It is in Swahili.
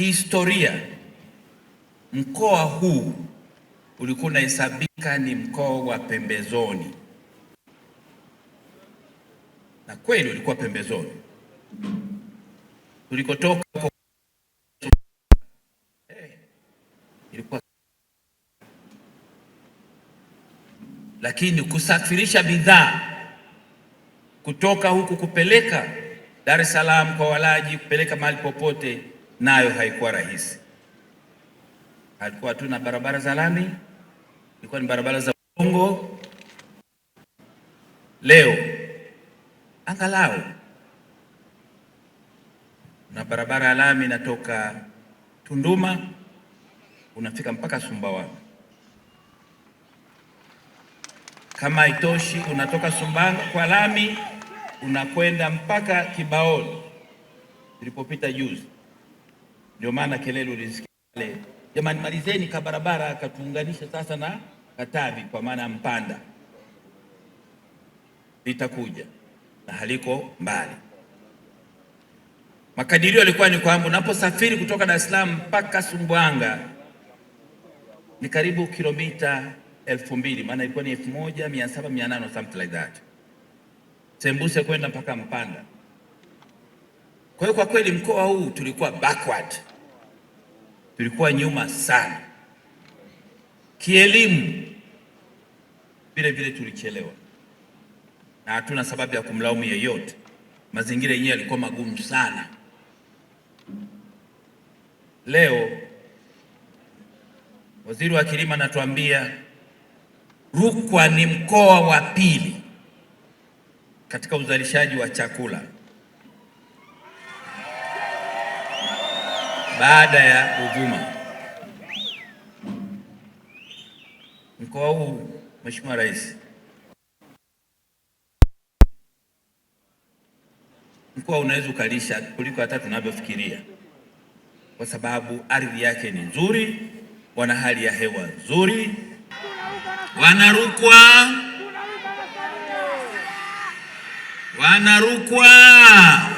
Kihistoria, mkoa huu ulikuwa unahesabika ni mkoa wa pembezoni, na kweli ulikuwa pembezoni. Tulikotoka huko eh, ilikuwa lakini kusafirisha bidhaa kutoka huku kupeleka Dar es Salaam kwa walaji, kupeleka mahali popote nayo haikuwa rahisi. Alikuwa tu na barabara za lami, ilikuwa ni barabara za udongo. Leo angalau na barabara ya lami inatoka Tunduma unafika mpaka Sumbawanga. Kama itoshi, unatoka Sumbawanga kwa lami unakwenda mpaka Kibaoni ilipopita juzi. Ndio maana kelele ulisikia pale, jamani, malizeni ka barabara katuunganisha sasa na Katavi, kwa maana Mpanda litakuja na haliko mbali. Makadirio yalikuwa ni kwamba unaposafiri kutoka Dar es Salaam mpaka Sumbwanga ni karibu kilomita elfu mbili maana ilikuwa ni elfu moja mia saba mia nane something like that, sembuse kwenda mpaka Mpanda. Kwa hiyo kwa kweli mkoa huu tulikuwa backward tulikuwa nyuma sana kielimu, vile vile tulichelewa, na hatuna sababu ya kumlaumu yeyote. Mazingira yenyewe yalikuwa magumu sana. Leo waziri wa kilimo anatuambia Rukwa ni mkoa wa pili katika uzalishaji wa chakula. baada ya Ruvuma. Mkoa huu Mheshimiwa Rais, mkoa unaweza ukalisha kuliko hata tunavyofikiria, kwa sababu ardhi yake ni nzuri, wana hali ya hewa nzuri, wanarukwa wanarukwa